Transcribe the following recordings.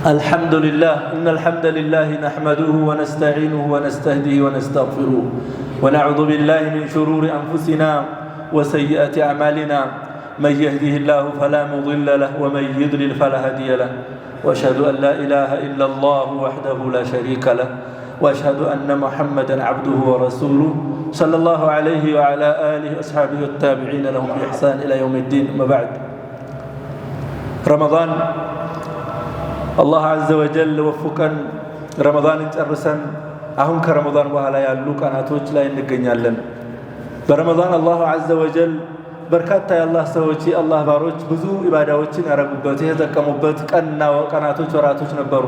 الحمد لله إن الحمد لله نحمده ونستعينه ونستهديه ونستغفره ونعوذ بالله من شرور أنفسنا وسيئات أعمالنا من يهده الله فلا مضل له ومن يضلل فلا هادي له وأشهد أن لا إله إلا الله وحده لا شريك له وأشهد أن محمدا عبده ورسوله صلى الله عليه وعلى آله وأصحابه التابعين لهم بإحسان إلى يوم الدين أما بعد رمضان አላህ አዘ ወጀል ወፉቀን ረመዳንን ጨርሰን አሁን ከረመዳን በኋላ ያሉ ቀናቶች ላይ እንገኛለን። በረመዳን አላሁ አዘ ወጀል በርካታ የአላህ ሰዎች የአላህ ባሮች ብዙ ኢባዳዎችን ያረጉበት የተጠቀሙበት ቀና ቀናቶች ወራቶች ነበሩ።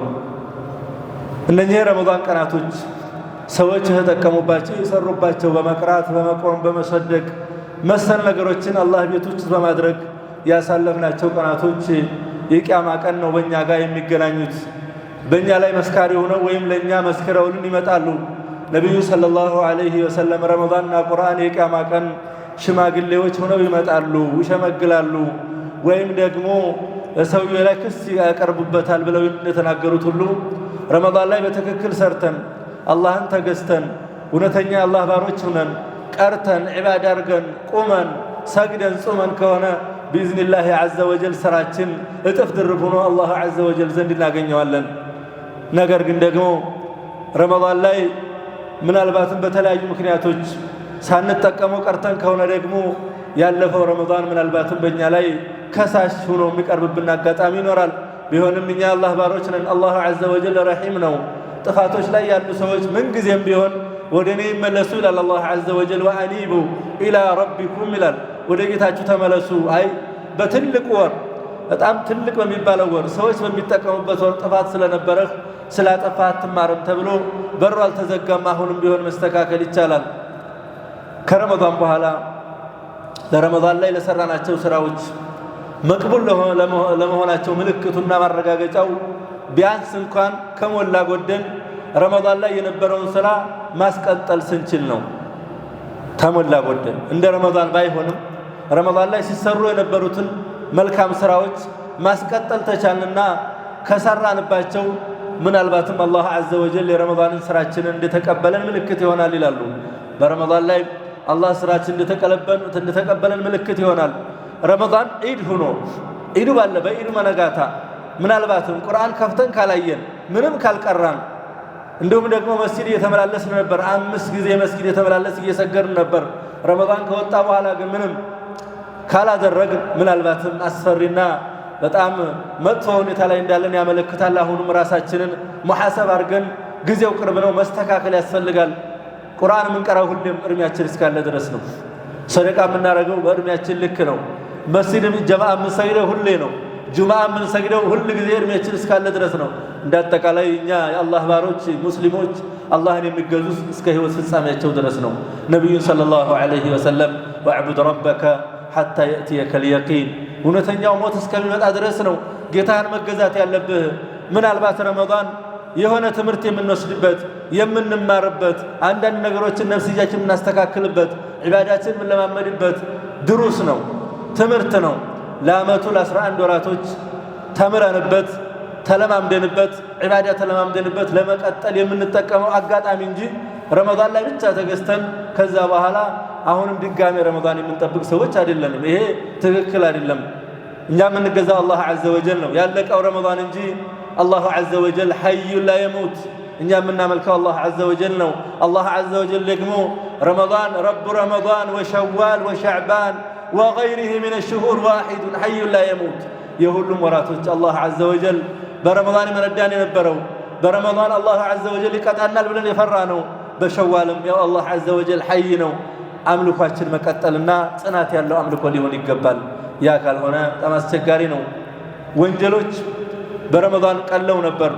እነኚህ የረመዳን ቀናቶች ሰዎች የተጠቀሙባቸው የሰሩባቸው በመቅራት በመቆም በመሰደቅ መሰል ነገሮችን አላህ ቤቶች በማድረግ ያሳለፍናቸው ቀናቶች የቅያማ ቀን ነው በእኛ ጋር የሚገናኙት። በእኛ ላይ መስካሪ ሆነው ወይም ለእኛ መስክረውልን ይመጣሉ። ነቢዩ ሰለላሁ ዐለይሂ ወሰለም ረመዳንና ቁርአን የቅያማ ቀን ሽማግሌዎች ሆነው ይመጣሉ፣ ይሸመግላሉ። ወይም ደግሞ ሰውዬው ላይ ክስ ያቀርቡበታል ብለው እንደተናገሩት ሁሉ ረመዳን ላይ በትክክል ሰርተን አላህን ተገዝተን እውነተኛ አላህ ባሮች ሆነን ቀርተን ዒባዳ አድርገን ቁመን ሰግደን ጾመን ከሆነ ቢኢዝኒላህ ዐዘ ወጀል ሥራችን እጥፍ ድርብ ሆኖ አላህ ዐዘ ወጀል ዘንድ እናገኘዋለን። ነገር ግን ደግሞ ረመዳን ላይ ምናልባትም በተለያዩ ምክንያቶች ሳንጠቀመው ቀርተን ከሆነ ደግሞ ያለፈው ረመዳን ምናልባትም በእኛ ላይ ከሳሽ ሆኖ የሚቀርብብን አጋጣሚ ይኖራል። ቢሆንም እኛ አላህ ባሮች ነን። አላህ ዐዘ ወጀል ረሒም ነው። ጥፋቶች ላይ ያሉ ሰዎች ምንጊዜም ቢሆን ወደ እኔ ይመለሱ ይላል አላህ ዐዘ ወጀል። ወአኒቡ ኢላ ረቢኩም ይላል ወደ ጌታችሁ ተመለሱ። አይ በትልቅ ወር በጣም ትልቅ በሚባለው ወር ሰዎች በሚጠቀሙበት ወር ጥፋት ስለነበረህ ስላጠፋ አትማርም ተብሎ በሩ አልተዘጋም። አሁንም ቢሆን መስተካከል ይቻላል። ከረመዷን በኋላ ለረመዷን ላይ ለሰራናቸው ስራዎች መቅቡል ለመሆናቸው ምልክቱና ማረጋገጫው ቢያንስ እንኳን ከሞላ ጎደል ረመዷን ላይ የነበረውን ስራ ማስቀጠል ስንችል ነው። ከሞላ ጎደል እንደ ረመዷን ባይሆንም ረመዳን ላይ ሲሰሩ የነበሩትን መልካም ስራዎች ማስቀጠል ተቻልንና ከሰራንባቸው ምናልባትም አላህ አዘ ወጀል የረመዳንን ስራችንን እንደተቀበለን ምልክት ይሆናል ይላሉ። በረመዳን ላይ አላህ ስራችን እንደተቀበለን ምልክት ይሆናል። ረመዳን ዒድ ሁኖ ዒዱ ባለ በዒዱ መነጋታ ምናልባትም ቁርአን ከፍተን ካላየን ምንም ካልቀራን እንዲሁም ደግሞ መስጊድ እየተመላለስን ነበር። አምስት ጊዜ መስጊድ የተመላለስ እየሰገድን ነበር። ረመዳን ከወጣ በኋላ ግን ምንም ካላደረግ ምናልባትም አስፈሪና በጣም መጥፎ ሁኔታ ላይ እንዳለን ያመለክታል። አሁንም ራሳችንን ሙሐሰብ አድርገን ጊዜው ቅርብ ነው፣ መስተካከል ያስፈልጋል። ቁርአን የምንቀራው ሁሌም እድሜያችን እስካለ ድረስ ነው። ሰደቃ የምናደርገው በእድሜያችን ልክ ነው። መስጂድ ጀማዓ የምንሰግደው ሁሌ ነው። ጁምዓ የምንሰግደው ሁል ጊዜ እድሜያችን እስካለ ድረስ ነው። እንደ አጠቃላይ እኛ የአላህ ባሮች ሙስሊሞች አላህን የሚገዙ እስከ ህይወት ፍጻሜያቸው ድረስ ነው። ነቢዩን ሰለላሁ ዐለይሂ ወሰለም ወዕቡድ ረበከ ሐታ የእትየከል የቂን እውነተኛው ሞት እስከሚመጣ ድረስ ነው ጌታን መገዛት ያለብህ። ምናልባት ረመዳን የሆነ ትምህርት የምንወስድበት የምንማርበት፣ አንዳንድ ነገሮችን ነፍስያችን የምናስተካክልበት፣ ዒባዳችን የምንለማመድበት ድሩስ ነው ትምህርት ነው። ለዓመቱ ለአስራ አንድ ወራቶች ተምረንበት ተለማምደንበት ዒባዳ ተለማምደንበት ለመቀጠል የምንጠቀመው አጋጣሚ እንጂ ረመዳን ላይ ብቻ ተገዝተን ከዛ በኋላ አሁንም ድጋሜ ረመዳን የምንጠብቅ ሰዎች አይደለንም። ይሄ ትክክል አይደለም። እኛ የምንገዛው አላህ ዐዘ ወጀል ነው። ያለቀው ረመዳን እንጂ አላሁ ዐዘ ወጀል ሐዩን ላ የሙት። እኛ የምናመልከው አላህ ዐዘ ወጀል ነው። አላህ ዐዘ ወጀል ደግሞ ረመዳን ረቡ ረመዳን ወሸዋል ወሻዕባን ወገይሪህ ሚነ ሽሁር ዋሒዱን ሐዩን ላ የሙት። የሁሉም ወራቶች አላህ ዐዘ ወጀል በረመዳን መረዳን የነበረው በረመዳን አላህ ዐዘ ወጀል ይቀጣናል ብለን የፈራ ነው በሸዋልም ያው አላህ ዐዘ ወጀል ሐይ ነው። አምልኳችን መቀጠልና ጽናት ያለው አምልኮ ሊሆን ይገባል። ያ ካልሆነ በጣም አስቸጋሪ ነው። ወንጀሎች በረመዳን ቀለው ነበር።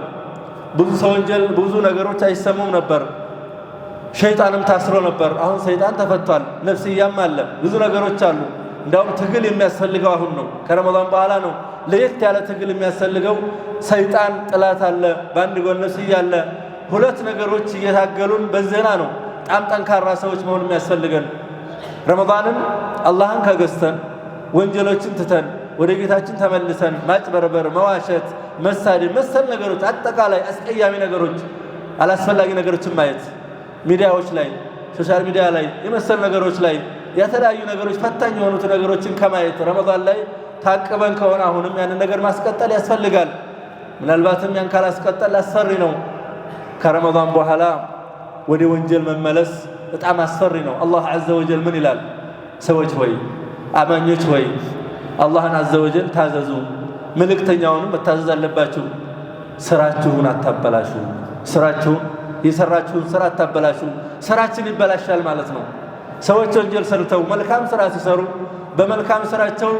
ብዙ ሰው ወንጀል ብዙ ነገሮች አይሰሙም ነበር። ሸይጣንም ታስሮ ነበር። አሁን ሰይጣን ተፈቷል። ነፍስያም አለ። ብዙ ነገሮች አሉ። እንዳውም ትግል የሚያስፈልገው አሁን ነው። ከረመዳን በኋላ ነው ለየት ያለ ትግል የሚያስፈልገው። ሰይጣን ጥላት አለ፣ በአንድ ጎን ነፍስያ አለ ሁለት ነገሮች እየታገሉን በዜና ነው። በጣም ጠንካራ ሰዎች መሆን የሚያስፈልገን ረመዳንን አላህን ከገዝተን ወንጀሎችን ትተን ወደ ጌታችን ተመልሰን ማጭበርበር፣ መዋሸት፣ መሳደብ መሰል ነገሮች አጠቃላይ አስቀያሚ ነገሮች፣ አላስፈላጊ ነገሮችን ማየት ሚዲያዎች ላይ ሶሻል ሚዲያ ላይ የመሰል ነገሮች ላይ የተለያዩ ነገሮች ፈታኝ የሆኑት ነገሮችን ከማየት ረመዳን ላይ ታቅበን ከሆነ አሁንም ያንን ነገር ማስቀጠል ያስፈልጋል። ምናልባትም ያን ካላስቀጠል አሰሪ ነው። ከረመዳን በኋላ ወደ ወንጀል መመለስ በጣም አስፈሪ ነው። አላህ አዘ ወጀል ምን ይላል? ሰዎች ሆይ አማኞች ሆይ አላህን አዘ ወጀል ታዘዙ፣ መልእክተኛውንም መታዘዝ አለባችሁ። ስራችሁን አታበላሹ፣ ስራችሁን የሰራችሁን ስራ አታበላሹ። ስራችን ይበላሻል ማለት ነው። ሰዎች ወንጀል ሰርተው መልካም ስራ ሲሰሩ በመልካም ስራቸው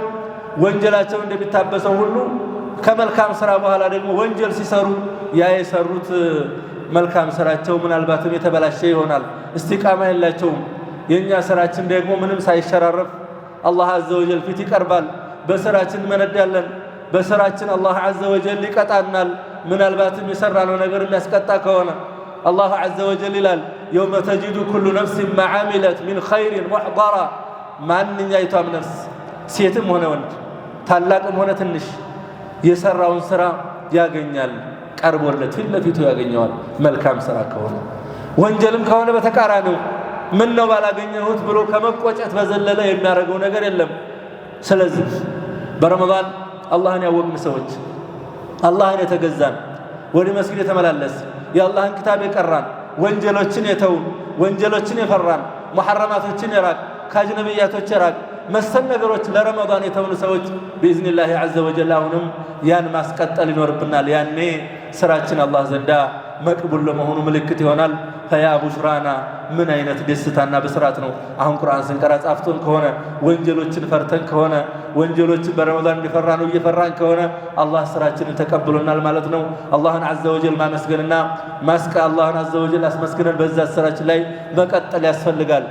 ወንጀላቸው እንደሚታበሰው ሁሉ ከመልካም ስራ በኋላ ደግሞ ወንጀል ሲሰሩ ያ የሰሩት መልካም ስራቸው ምናልባትም የተበላሸ ይሆናል። እስቲቃማ የላቸውም። የእኛ ስራችን ደግሞ ምንም ሳይሸራረፍ አላህ አዘወጀል ፊት ይቀርባል። በስራችን መነዳለን። በስራችን አላህ አዘወጀል ይቀጣናል። ምናልባትም የሰራነው ነገር የሚያስቀጣ ከሆነ አላሁ አዘወጀል ይላል የውመ ተጂዱ ኩሉ ነፍሲን ማ ዓሚለት ሚን ኸይሪን ሙዕበራ ማንኛይቷም ነፍስ ሴትም ሆነ ወንድ ታላቅም ሆነ ትንሽ የሰራውን ስራ ያገኛል። ቀርቦለት ፊት ለፊቱ ያገኘዋል። መልካም ስራ ከሆነ ወንጀልም ከሆነ በተቃራኒው ምን ነው ባላገኘሁት ብሎ ከመቆጨት በዘለለ የሚያደርገው ነገር የለም። ስለዚህ በረመዳን አላህን ያወቅን ሰዎች አላህን የተገዛን ወደ መስጊድ የተመላለስ የአላህን ክታብ የቀራን ወንጀሎችን የተውን ወንጀሎችን የፈራን ሙሐረማቶችን የራቅ ከአጅነብያቶች የራቅ መሰል ነገሮች ለረመዳን የተውኑ ሰዎች ብኢዝኒላህ ዐዘ ወጀል አሁንም ያን ማስቀጠል ይኖርብናል። ያኔ ስራችን አላህ ዘንዳ መቅቡል ለመሆኑ ምልክት ይሆናል። ፈያ ቡሽራና ምን አይነት ደስታና ብስራት ነው! አሁን ቁርአን ስንቀራ ጻፍቶን ከሆነ ወንጀሎችን ፈርተን ከሆነ ወንጀሎችን በረመዳን እንዲፈራ ነው እየፈራን ከሆነ አላህ ስራችንን ተቀብሎናል ማለት ነው። አላህን ዐዘ ወጀል ማመስገንና ማስቀ አላህን ዐዘ ወጀል አስመስግነን በዛ ስራችን ላይ መቀጠል ያስፈልጋል።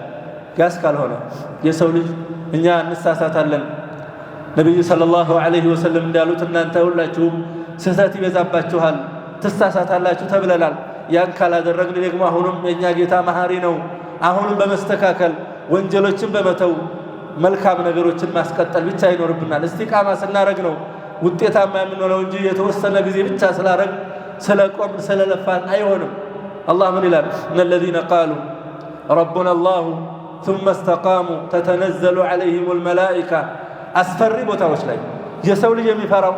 ጋስ ካልሆነ የሰው ልጅ እኛ እንሳሳታለን። ነቢዩ ሰለላሁ ዐለይሂ ወሰለም እንዳሉት እናንተ ሁላችሁም ስህተት ይበዛባችኋል፣ ትሳሳታላችሁ ተብለናል። ያን ካላደረግን ደግሞ አሁንም የእኛ ጌታ መሐሪ ነው። አሁንም በመስተካከል ወንጀሎችን በመተው መልካም ነገሮችን ማስቀጠል ብቻ ይኖርብናል። እስቲቃማ ስናረግ ነው ውጤታማ የምንሆነው እንጂ የተወሰነ ጊዜ ብቻ ስላረግ ስለ ቆም ስለለፋን አይሆንም። አላህ ምን ይላል? እነ ለዚነ ቃሉ ረቡና አላሁ ثم استقاموا تتنزل عليهم الملائكة አስፈሪ ቦታዎች ላይ የሰው ልጅ የሚፈራው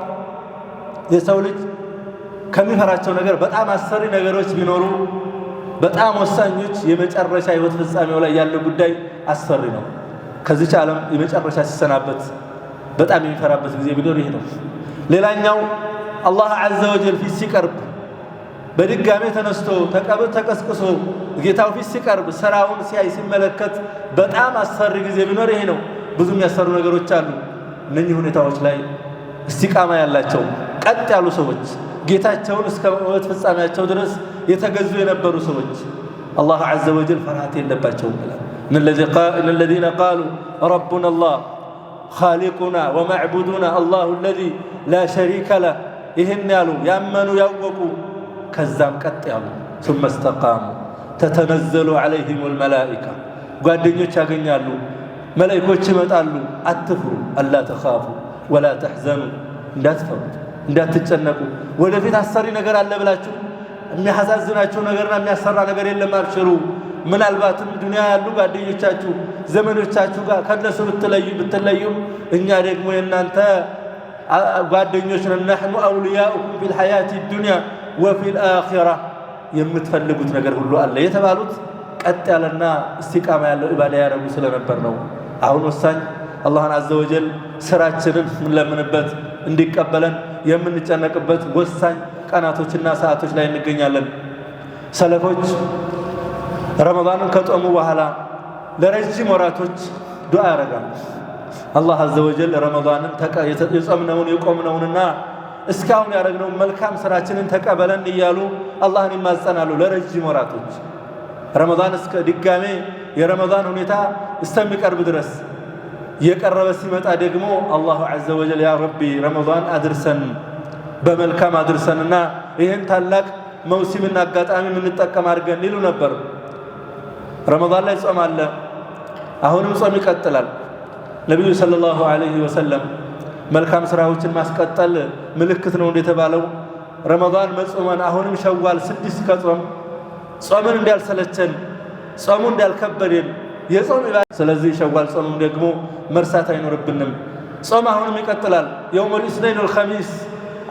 የሰው ልጅ ከሚፈራቸው ነገር በጣም አስፈሪ ነገሮች ቢኖሩ በጣም ወሳኞች የመጨረሻ ህይወት ፍጻሜው ላይ ያለ ጉዳይ አስፈሪ ነው። ከዚች ዓለም የመጨረሻ ሲሰናበት በጣም የሚፈራበት ጊዜ ቢኖር ይሄ ነው። ሌላኛው አላህ ዐዘ ወጀል ፊት ሲቀርብ በድጋሜ ተነስቶ ተቀብር ተቀስቅሶ ጌታው ፊት ሲቀርብ ስራውን ሲያይ ሲመለከት በጣም አሰሪ ጊዜ ቢኖር ይሄ ነው። ብዙ የሚያሰሩ ነገሮች አሉ። እነኚህ ሁኔታዎች ላይ እስቲቃማ ያላቸው ቀጥ ያሉ ሰዎች ጌታቸውን እስከ ሕይወት ፍጻሜያቸው ድረስ የተገዙ የነበሩ ሰዎች አላህ ዐዘ ወጀል ፍርሃት የለባቸውም ይላል። እነ ቃሉ ረቡና አላህ ኻሊቁና ወማዕቡዱና አላሁ አለዚ ላ ሸሪከ ለህ ይህን ያሉ ያመኑ ያወቁ ከዛም ቀጥ ያሉ ሱመ ስተቃሙ ተተነዘሉ ዓለይሂም ልመላኢካ ጓደኞች ያገኛሉ። መላኢኮች ይመጣሉ። አትፍሩ፣ አላ ተኻፉ ወላ ተሕዘኑ፣ እንዳትፈሩ፣ እንዳትጨነቁ። ወደፊት አሰሪ ነገር አለ ብላችሁ የሚያሳዝናችሁ ነገርና የሚያሰራ ነገር የለም። አብሽሩ። ምናልባትም ዱንያ ያሉ ጓደኞቻችሁ ዘመዶቻችሁ ጋር ከነሱ ብትለዩ ብትለዩም እኛ ደግሞ የእናንተ ጓደኞች ነን። ናሕኑ አውልያኡኩም ፊልሐያቲ ዱንያ ወፊል አኺራ የምትፈልጉት ነገር ሁሉ አለ የተባሉት ቀጥ ያለና እስቲቃማ ያለው ኢባዳ ያደረጉ ስለነበር ነው። አሁን ወሳኝ አላህን አዘወጀል ስራችንን የምንለምንበት እንዲቀበለን የምንጨነቅበት ወሳኝ ቀናቶችና ሰዓቶች ላይ እንገኛለን። ሰለፎች ረመዳንን ከጾሙ በኋላ ለረጅም ወራቶች ዱዓ ያደርጋሉ። አላህ አዘወጀል ረመዳንን የጾምነውን የቆምነውንና እስካሁን ያደረግነው መልካም ስራችንን ተቀበለን እያሉ አላህን ይማጸናሉ ለረጅም ወራቶች ረመዳን እስከ ድጋሜ የረመዳን ሁኔታ እስከሚቀርብ ድረስ የቀረበ ሲመጣ ደግሞ አላሁ ዐዘ ወጀል ያ ረቢ ረመዳን አድርሰን በመልካም አድርሰንና ይህን ታላቅ መውሲምና አጋጣሚ የምንጠቀም አድርገን ይሉ ነበር። ረመዳን ላይ ጾም አለ። አሁንም ጾም ይቀጥላል። ነቢዩ ሰለላሁ ዐለይሂ ወሰለም መልካም ስራዎችን ማስቀጠል ምልክት ነው እንደተባለው ረመዳን መጾመን አሁንም ሸዋል ስድስት ከጾም ጾምን እንዳልሰለቸን ጾሙ እንዳልከበደን የጾም ስለዚህ ሸዋል ጾምም ደግሞ መርሳት አይኖርብንም። ጾም አሁንም ይቀጥላል። የውም ኢስነይን ወልኸሚስ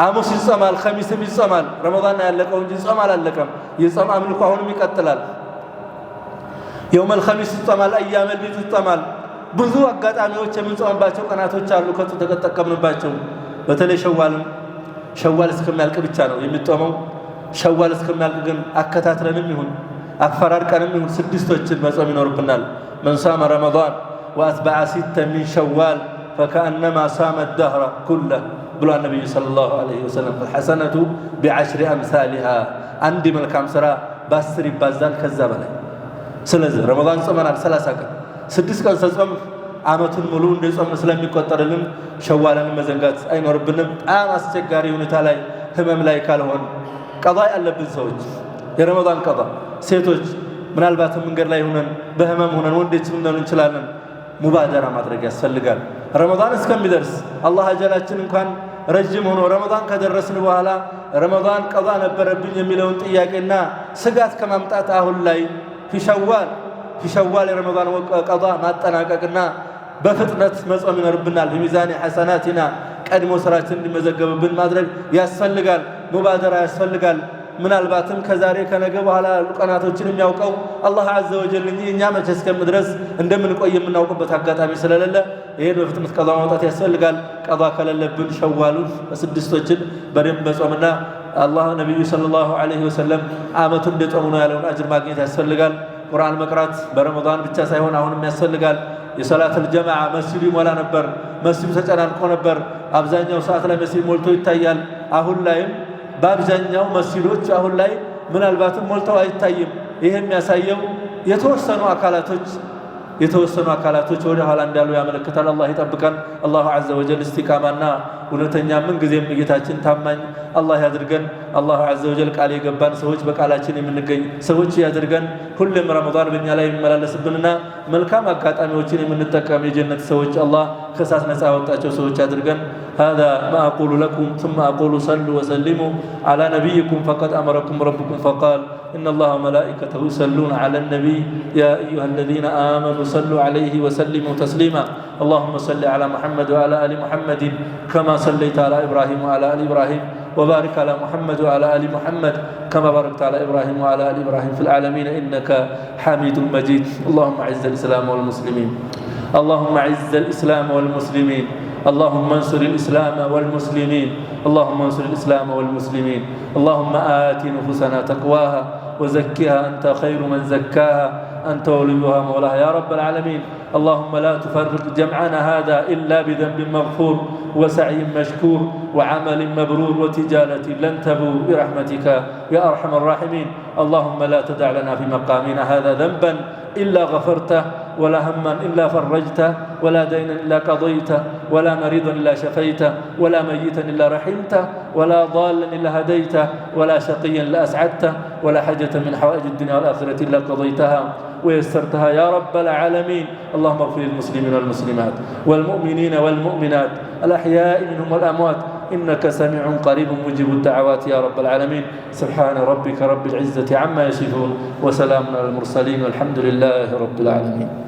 አሙስ ይጾማል፣ ኸሚስም ይጾማል። ረመዳን ያለቀው እንጂ ጾም አላለቀም። የጾም አምልኮ አሁንም ይቀጥላል። የውም ኸሚስ ይጾማል፣ አያመል ቤት ይጾማል። ብዙ አጋጣሚዎች የምንጾምባቸው ቀናቶች አሉ ከቱ ተጠቀምንባቸው። በተለይ ሸዋልም ሸዋል እስከሚያልቅ ብቻ ነው የሚጦመው። ሸዋል እስከሚያልቅ ግን አከታትለንም ይሁን አፈራርቀንም ይሁን ስድስቶችን መጾም ይኖርብናል። መን ሳመ ረመዳን ወአትበዐ ሲተ ሚን ሸዋል ፈከአነማ ሳመ ደህረ ኩለ ብሏል ነቢዩ ሰለላሁ ዐለይሂ ወሰለም። ሐሰነቱ ቢዐሽሪ አምሳሊሃ አንድ መልካም ስራ በአስር ይባዛል ከዛ በላይ። ስለዚህ ረመዳን ጾመናል ሰላሳ ቀን ስድስት ቀን ስንጾም አመቱን ሙሉ እንደ ጾም ስለሚቆጠርልን ሸዋለን መዘንጋት አይኖርብንም። በጣም አስቸጋሪ ሁኔታ ላይ ህመም ላይ ካልሆን ቀዷ ያለብን ሰዎች የረመዳን ቀዷ ሴቶች ምናልባት መንገድ ላይ ሆነን በህመም ሆነን ወንዶች ልንሆን እንችላለን። ሙባደራ ማድረግ ያስፈልጋል። ረመዳን እስከሚደርስ አላህ አጀላችን እንኳን ረጅም ሆኖ ረመዳን ከደረስን በኋላ ረመዳን ቀዷ ነበረብኝ የሚለውን ጥያቄና ስጋት ከማምጣት አሁን ላይ ፊሸዋል ሸዋል የረመዳን ቀዷ ማጠናቀቅና በፍጥነት መጾም ይኖርብናል። በሚዛን ሐሰናቲና ቀድሞ ስራችን እንዲመዘገብብን ማድረግ ያስፈልጋል። ሙባደራ ያስፈልጋል። ምናልባትም ከዛሬ ከነገ በኋላ ያሉ ቀናቶችን የሚያውቀው አላህ አዘ ወጀል እንጂ እኛ መቼ እስከምድረስ እንደምንቆይ የምናውቅበት አጋጣሚ ስለሌለ ይህን በፍጥነት ቀዷ ማውጣት ያስፈልጋል። ቀዷ ከሌለብን ሸዋሉን ስድስቶችን በደንብ መጾምና አላህ ነቢዩ ሰለላሁ ዐለይሂ ወሰለም አመቱን እንደጾሙ ነው ያለውን አጅር ማግኘት ያስፈልጋል። ቁርአን መቅራት በረመዳን ብቻ ሳይሆን አሁንም ያስፈልጋል። የሰላተል ጀማዓ መስጂዱ ይሞላ ነበር፣ መስጂዱ ተጨናንቆ ነበር። አብዛኛው ሰዓት ላይ መስጂድ ሞልቶ ይታያል። አሁን ላይም በአብዛኛው መስጂዶች አሁን ላይ ምናልባትም ሞልተው አይታይም። ይህ የሚያሳየው የተወሰኑ አካላቶች የተወሰኑ አካላቶች ወደ ኋላ እንዳሉ ያመለክታል። አላህ ይጠብቀን። አላሁ ዐዘ ወጀል እስቲቃማና እውነተኛ ምን ጊዜም እይታችን ታማኝ አላህ ያድርገን። አላሁ ዐዘ ወጀል ቃል የገባን ሰዎች በቃላችን የምንገኝ ሰዎች ያድርገን። ሁሌም ረመዳን በእኛ ላይ የሚመላለስብንና መልካም አጋጣሚዎችን የምንጠቀም የጀነት ሰዎች አላህ كساس نساء ያወጣቸው ሰዎች هذا ما أقول لكم ثم أقول صلوا وسلموا على نبيكم فقد أمركم ربكم فقال إن الله ملائكته يصلون على النبي يا أيها الذين آمنوا صلوا عليه وسلموا تسليما اللهم صل على محمد وعلى آل محمد كما صليت على إبراهيم وعلى آل إبراهيم وبارك على محمد وعلى آل محمد كما باركت على إبراهيم وعلى آل إبراهيم في العالمين إنك حميد مجيد اللهم أعز الإسلام والمسلمين اللهم عز الإسلام والمسلمين اللهم انصر الإسلام والمسلمين اللهم انصر الإسلام والمسلمين اللهم آت نفوسنا تقواها وزكها أنت خير من زكاها أنت وليها مولاها يا رب العالمين اللهم لا تفرق جمعنا هذا إلا بذنب مغفور وسعي مشكور وعمل مبرور وتجارة لن تبو برحمتك يا أرحم الراحمين اللهم لا تدع لنا في مقامنا هذا ذنبا إلا غفرته ولا هما إلا فرجته ولا دينا إلا قضيته ولا مريضا إلا شفيته ولا ميتا إلا رحمته ولا ضالا إلا هديته ولا شقيا إلا أسعدته ولا حاجة من حوائج الدنيا والآخرة إلا قضيتها ويسرتها يا رب العالمين اللهم اغفر للمسلمين والمسلمات والمؤمنين والمؤمنات الأحياء منهم والأموات إنك سميع قريب مجيب الدعوات يا رب العالمين سبحان ربك رب العزة عما يصفون وسلام على المرسلين والحمد لله رب العالمين